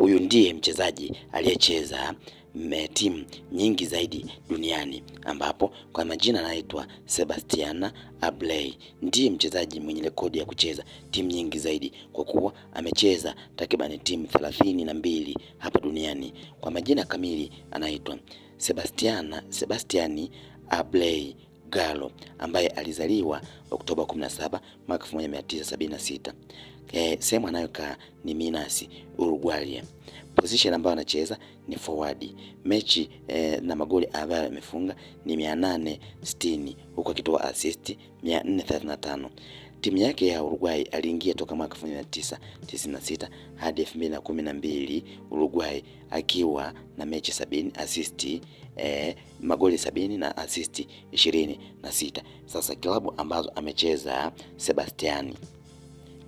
huyu ndiye mchezaji aliyecheza timu nyingi zaidi duniani ambapo kwa majina anaitwa Sebastiana Ablay, Ndiye mchezaji mwenye rekodi ya kucheza timu nyingi zaidi kwa kuwa amecheza takribani timu thelathini na mbili hapa duniani. Kwa majina kamili anaitwa Sebastiana Sebastiani Ablay Gallo ambaye alizaliwa Oktoba 17 mwaka 1976 eh, sehemu anayokaa ni Minas Uruguay. Position ambayo anacheza ni forward. Mechi eh, na magoli ambayo amefunga ni 860 huku akitoa assist 435. Timu yake ya Uruguay aliingia toka mwaka 1996 hadi 2012 Uruguay akiwa na mechi sabini assist eh, magoli sabini na assist 26. Sasa klabu ambazo amecheza Sebastiani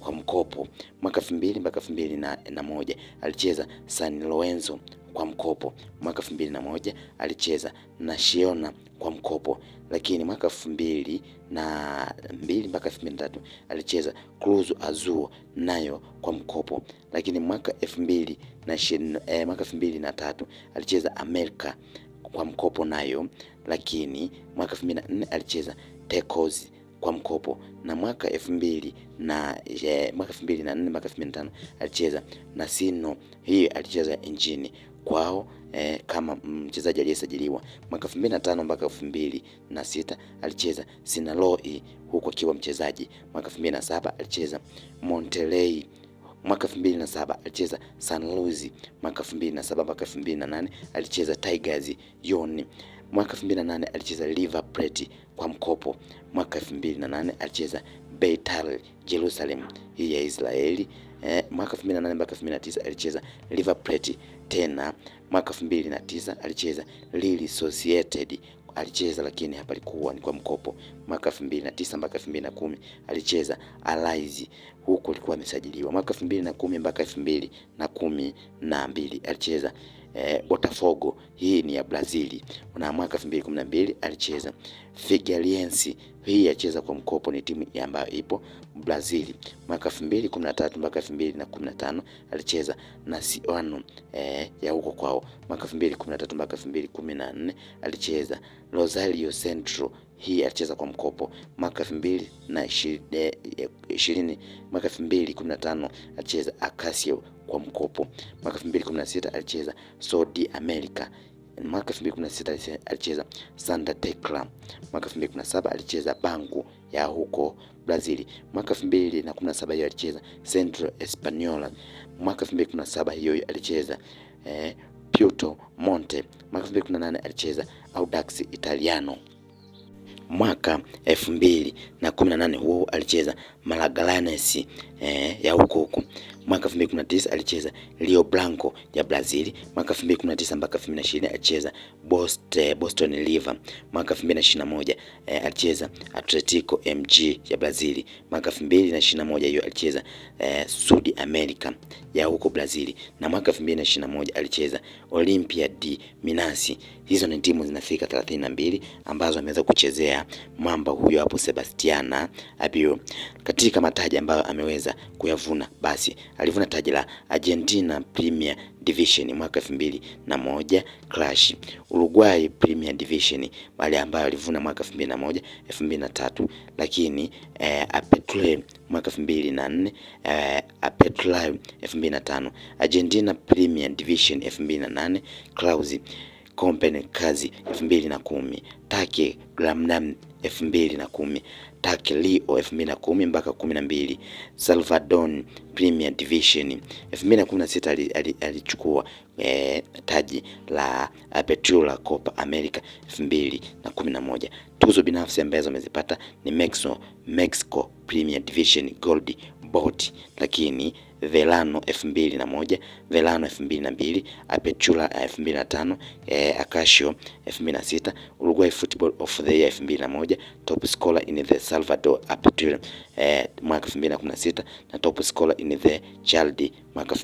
kwa mkopo mwaka 2000 mpaka 2001 alicheza San Lorenzo kwa mkopo mwaka 2001 alicheza na Shiona kwa mkopo, lakini mwaka 2002 mpaka 2003 alicheza Cruz Azul nayo kwa mkopo, lakini mwaka 2000 na eh, mwaka 2003 alicheza America kwa mkopo nayo, lakini mwaka 2004 alicheza Tecos kwa mkopo na mwaka 2000 na e, mwaka 2004 mwaka 2005 alicheza na Sino, hii alicheza injini kwao e, kama mchezaji aliyesajiliwa mwaka 2005 mpaka 2006 alicheza sinaloi huko akiwa mchezaji. Mwaka 2007 alicheza Monterey mwaka 2007 alicheza San Luis, mwaka 2007 mpaka 2008 alicheza Tigers Yoni. Mwaka 2008 alicheza River Plate kwa mkopo. Mwaka 2008 alicheza Beitar Jerusalem hii ya Israeli. Eh, mwaka 2008 mpaka 2009 alicheza River Plate tena. Mwaka 2009 alicheza Lille Sociedad alicheza lakini hapa alikuwa ni kwa mkopo. Mwaka 2009 mpaka 2010 alicheza Alize, huko alikuwa amesajiliwa. Mwaka 2010 mpaka 2012 alicheza eh, Botafogo. Hii ni ya Brazili na mwaka 2012 alicheza Figueirense, hii acheza kwa mkopo, ni timu ambayo ipo Brazili. Mwaka 2013 mpaka 2015 alicheza na Siano eh, ya huko kwao. Mwaka 2013 mpaka 2014 alicheza Rosario Central hii alicheza kwa mkopo mwaka 2020, e, mwaka 2015 alicheza Acacio kwa mkopo, mwaka 2016 alicheza Saudi America, mwaka 2016 alicheza Santa Tecla, mwaka 2017 alicheza Bangu ya huko Brazil, mwaka 2017 hiyo alicheza Centro Espanyola mwaka 2017 hiyo alicheza eh, Puerto Monte, mwaka 2018 alicheza Audax Italiano mwaka elfu mbili na kumi na nane huo alicheza Malagalanes eh, ya huko huko Mwaka 2019 alicheza Rio Branco ya Brazil. Mwaka 2019 mpaka 2020 alicheza Boston Boston River. Mwaka 2021 eh, alicheza Atletico MG ya Brazil. Mwaka 2021 hiyo alicheza eh, Sud America ya huko Brazil, na mwaka 2021 alicheza Olympia de Minas. Hizo ni timu zinafika 32 ambazo ameweza kuchezea mamba huyo hapo Sebastiana Abiu. Katika mataji ambayo ameweza kuyavuna basi alivuna taji la Argentina Premier Division mwaka elfu mbili na moja Clash Uruguay Premier Division wale ambayo alivuna mwaka elfu mbili na moja elfu mbili na tatu lakini eh, Apetre mwaka elfu mbili na nne eh, Apetre elfu mbili na tano Argentina Premier Division elfu mbili na nane Claus Company kazi elfu mbili na kumi Take na kumi Take Leo na kumi mpaka mbili Salvadon Premier Division na na kumi sita alichukua eh, taji la eh, Petula Copa America na na kumi moja Tuzo binafsi ambazo amezipata ni Mexico, Mexico Premier Division Gold Boot, lakini Velano elfu mbili na moja, Velano elfu mbili na mbili, Apechula elfu mbili na tano, eh, Acacio elfu mbili na sita, Uruguay Football of the Year elfu mbili na moja, Top Scorer in the Salvador Apechula eh, mwaka elfu mbili na kumi na sita na Top Scorer in the Childe mwaka